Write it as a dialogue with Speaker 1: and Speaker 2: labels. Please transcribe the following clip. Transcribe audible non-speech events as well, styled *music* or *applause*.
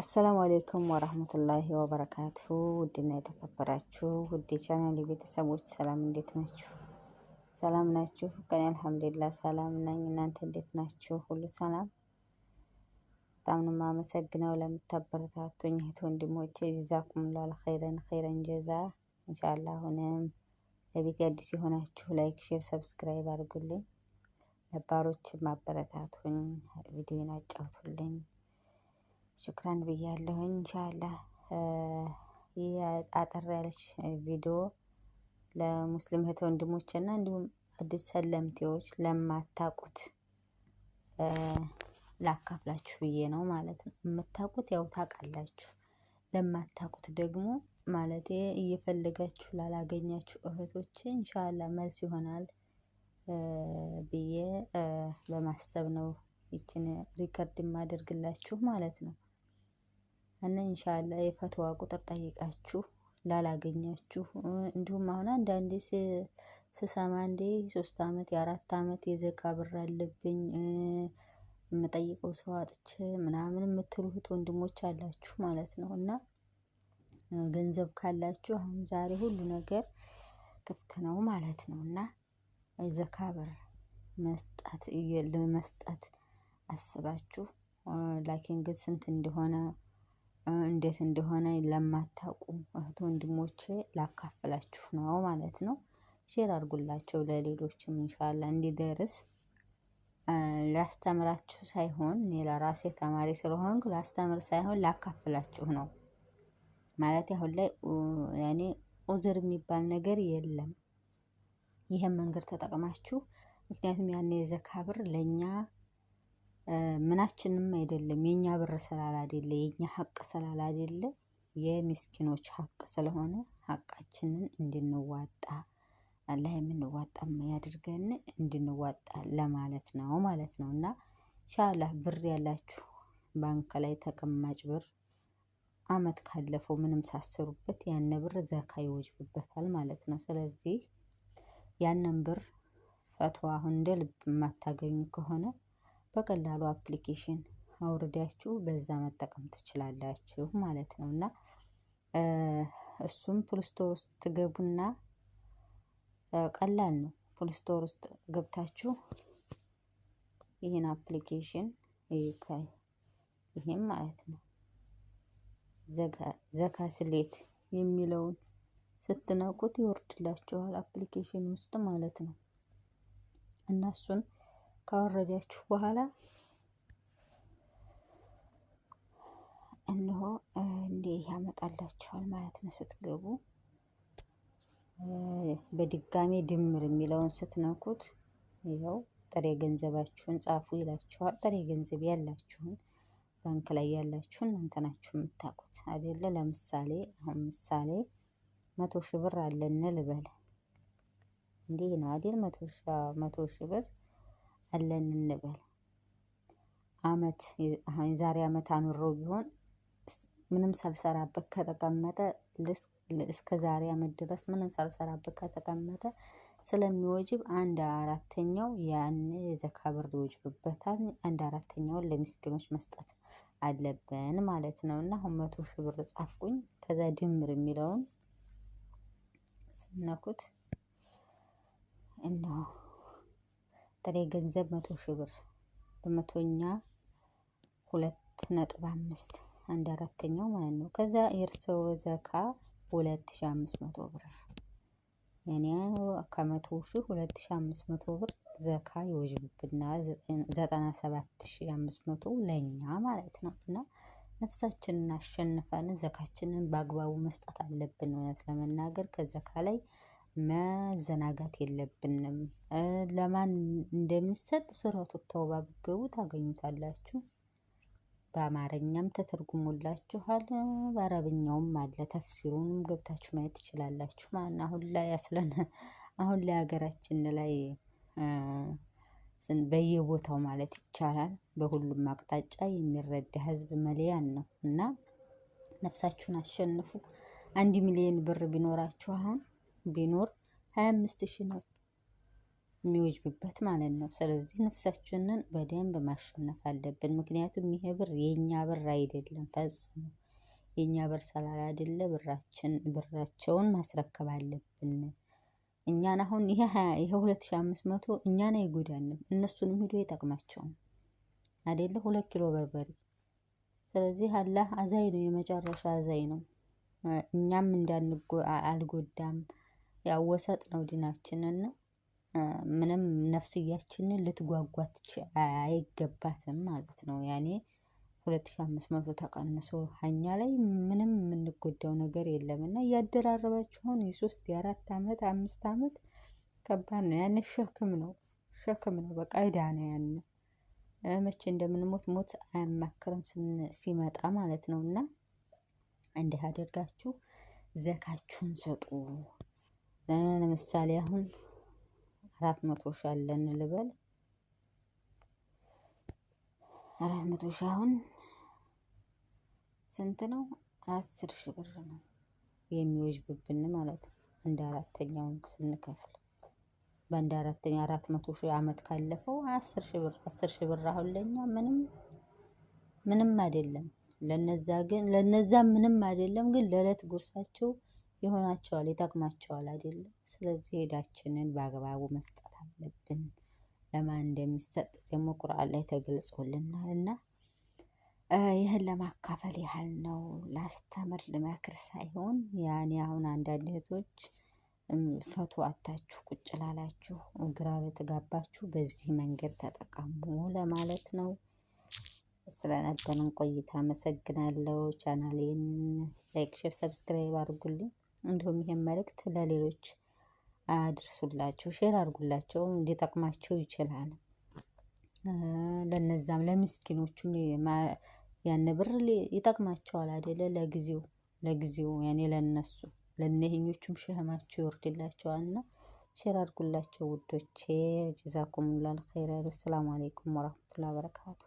Speaker 1: አሰላሙ አሌይኩም ወራህመቱላሂ ወበረካቱ። ውድና የተከበራችሁ ውድ ቻናል ቤተሰቦች ሰላም እንዴት ናችሁ? ሰላም ናችሁ? ከኔ አልሐምዱሊላ ሰላም ነኝ። እናንተ እንዴት ናችሁ? ሁሉ ሰላም? በጣም ነው የማመሰግነው ለምታበረታቱኝ እህት ወንድሞቼ፣ ጀዛኩሙላህ ኸይረን ኸይረን ጀዛ። እንሻላ አሁንም ለቤት አዲስ የሆናችሁ ላይክ፣ ሼር፣ ሰብስክራይብ አድርጉልኝ። ነባሮች ማበረታቱኝ፣ ቪዲዮን አጫውቱልኝ ሹክራን ብያለሁኝ። ኢንሻላህ ይህ አጠር ያለች ቪዲዮ ለሙስሊም እህት ወንድሞች እና እንዲሁም አዲስ ሰለምቴዎች ለማታቁት ላካፍላችሁ ብዬ ነው ማለት ነው። የምታቁት ያው ታውቃላችሁ፣ ለማታቁት ደግሞ ማለት እየፈለጋችሁ ላላገኛችሁ እህቶች እንሻላ መልስ ይሆናል ብዬ በማሰብ ነው ይችን ሪከርድ የማደርግላችሁ ማለት ነው። እና እንሻላ የፈትዋ ቁጥር ጠይቃችሁ ላላገኛችሁ እንዲሁም አሁን አንዳንዴ ስሰማ እንዴ ሶስት አመት የአራት አመት የዘካ ብር አለብኝ የምጠይቀው ሰው አጥቼ ምናምን የምትሉት ወንድሞች አላችሁ ማለት ነው። እና ገንዘብ ካላችሁ አሁን ዛሬ ሁሉ ነገር ክፍት ነው ማለት ነው። እና ዘካ ብር መስጠት ለመስጠት አስባችሁ ላኪን ግን ስንት እንደሆነ እንዴት እንደሆነ ለማታውቁ እህት ወንድሞቼ ላካፍላችሁ ነው ማለት ነው። ሼር አድርጉላቸው ለሌሎችም እንሻላ እንዲደርስ ላስተምራችሁ ሳይሆን እኔ ለራሴ ተማሪ ስለሆንኩ ላስተምር ሳይሆን ላካፍላችሁ ነው ማለት። አሁን ላይ ያኔ ኡዝር የሚባል ነገር የለም። ይህም መንገድ ተጠቅማችሁ ምክንያቱም ያኔ የዘካ ብር ለእኛ ምናችንም አይደለም የእኛ ብር ስላላደለ የእኛ ሀቅ ስላላደለ የሚስኪኖች ሀቅ ስለሆነ ሀቃችንን እንድንዋጣ አላህ የምንዋጣም ያድርገን እንድንዋጣ ለማለት ነው ማለት ነው። እና ኢንሻላህ ብር ያላችሁ ባንክ ላይ ተቀማጭ ብር አመት ካለፈው ምንም ሳሰሩበት ያነ ብር ዘካ ይወጅብበታል ማለት ነው። ስለዚህ ያንን ብር ፈትዋ አሁን እንደ ልብ የማታገኙ ከሆነ በቀላሉ አፕሊኬሽን አውርዳችሁ በዛ መጠቀም ትችላላችሁ ማለት ነው። እና እሱም ፕልስቶር ውስጥ ትገቡና ቀላል ነው። ፕልስቶር ውስጥ ገብታችሁ ይህን አፕሊኬሽን ይህም ማለት ነው ዘካ ስሌት የሚለውን ስትነቁት ይወርድላችኋል አፕሊኬሽን ውስጥ ማለት ነው እና እሱን ካወረዳችሁ በኋላ እነሆ እንዴ ያመጣላችኋል ማለት ነው። ስትገቡ በድጋሚ ድምር የሚለውን ስትነኩት ይኸው ጥሬ ገንዘባችሁን ጻፉ ይላችኋል። ጥሬ ገንዘብ ያላችሁን ባንክ ላይ ያላችሁን እናንተ ናችሁ የምታውቁት አይደለ? ለምሳሌ አሁን ምሳሌ መቶ ሺህ ብር አለን ልበል። እንዲህ ነው አይደል? መቶ ሺህ ብር አለን እንበል። አመት የዛሬ አመት አኑሮ ቢሆን ምንም ሳልሰራበት ከተቀመጠ እስከ ዛሬ አመት ድረስ ምንም ሳልሰራበት ከተቀመጠ ስለሚወጅብ አንድ አራተኛው ያን የዘካ ብር ይወጅብበታል። አንድ አራተኛውን ለሚስኪኖች መስጠት አለብን ማለት ነው። እና አሁን መቶ ብር ጻፍኩኝ። ከዛ ድምር የሚለውን ስነኩት እነሆ ጥሬ ገንዘብ መቶ ሺህ ብር በመቶኛ ሁለት ነጥብ አምስት አንድ አራተኛው ማለት ነው። ከዛ የእርሰው ዘካ ሁለት ሺ አምስት መቶ ብር እኔ ከመቶ ሺህ ሁለት ሺ አምስት መቶ ብር ዘካ ይወጅብብና ዘጠና ሰባት ሺ አምስት መቶ ለእኛ ማለት ነው እና ነፍሳችንን አሸንፈን ዘካችንን በአግባቡ መስጠት አለብን። እውነት ለመናገር ከዘካ ላይ መዘናጋት የለብንም። ለማን እንደሚሰጥ ሱረቱ ተውባ ብትገቡ ታገኙታላችሁ። በአማርኛም ተተርጉሞላችኋል። በአረብኛውም አለ። ተፍሲሩንም ገብታችሁ ማየት ትችላላችሁ። ማን አሁን ላይ ያስለን *laughs* አሁን ላይ ሀገራችን ላይ በየቦታው ማለት ይቻላል በሁሉም አቅጣጫ የሚረዳ ህዝብ መለያን ነው እና ነፍሳችሁን አሸንፉ። አንድ ሚሊዮን ብር ቢኖራችሁ አሁን ቢኖር 25 ሺ ነው የሚወጅብበት ማለት ነው። ስለዚህ ነፍሳችንን በደንብ ማሸነፍ አለብን። ምክንያቱም ይሄ ብር የእኛ ብር አይደለም ፈጽሞ የእኛ ብር ሰላላ አይደለ ብራችን ብራቸውን ማስረከብ አለብን። እኛን አሁን ይሄ ይሄ ሁለት ሺ አምስት መቶ እኛን አይጎዳንም እነሱንም ሂዶ ይጠቅማቸውም አደለ ሁለት ኪሎ በርበሬ። ስለዚህ አላህ አዛይ ነው፣ የመጨረሻ አዛይ ነው። እኛም እንዳንጎ አልጎዳም ያወሰጥ ነው ዲናችንና ምንም ነፍስያችንን ልትጓጓት አይገባትም ማለት ነው። ያኔ ሁለት ሺ አምስት መቶ ተቀንሶ ሀኛ ላይ ምንም የምንጎዳው ነገር የለም እና እያደራረባችሁን የሶስት የአራት አመት አምስት አመት ከባድ ነው። ያን ሸክም ነው ሸክም ነው በቃ ዕዳ ነው። መቼ እንደምንሞት ሞት አያማክርም ሲመጣ ማለት ነው። እና እንዲህ አደርጋችሁ ዘካችሁን ስጡ። ለምሳሌ አሁን አራት መቶ ሺ አለን ልበል። አራት መቶ ሺ አሁን ስንት ነው? አስር ሺ ብር ነው የሚወጅብብን ማለት ነው። እንደ አራተኛውን ስንከፍል በአንድ አራተኛ አራት መቶ ሺህ ዓመት ካለፈው አስር ሺህ ብር አስር ሺህ ብር አሁን ለእኛ ምንም ምንም አይደለም። ለነዛ ግን ለነዛ ምንም አይደለም፣ ግን ለእለት ጉርሳቸው ይሆናቸዋል ይጠቅማቸዋል አይደለም። ስለዚህ ሄዳችንን በአግባቡ መስጠት አለብን። ለማን እንደሚሰጥ ደግሞ ቁርአን ላይ ተገልጾልናል እና ይህን ለማካፈል ያህል ነው። ላስተምር ልመክር ሳይሆን ያኔ አሁን አንዳንድ እህቶች ፈቶ አታችሁ ቁጭ ላላችሁ ግራ በተጋባችሁ በዚህ መንገድ ተጠቀሙ ለማለት ነው። ስለነበረን ቆይታ አመሰግናለሁ። ቻናሌን ላይክ፣ ሼር፣ ሰብስክራይብ አድርጉልኝ። እንዲሁም ይህን መልእክት ለሌሎች አድርሱላቸው፣ ሼር አድርጉላቸው፣ እንዲጠቅማቸው ይችላል። ለነዛም ለምስኪኖቹም ያን ብር ይጠቅማቸዋል አደለ? ለጊዜው ለጊዜው ያኔ ለነሱ ለነህኞቹም ሸህማቸው ይወርድላቸዋልና ሼር አድርጉላቸው ውዶቼ። ጀዛኩሙላል ኸይር። ሰላም አለይኩም ወራህመቱላሂ ወበረካቱ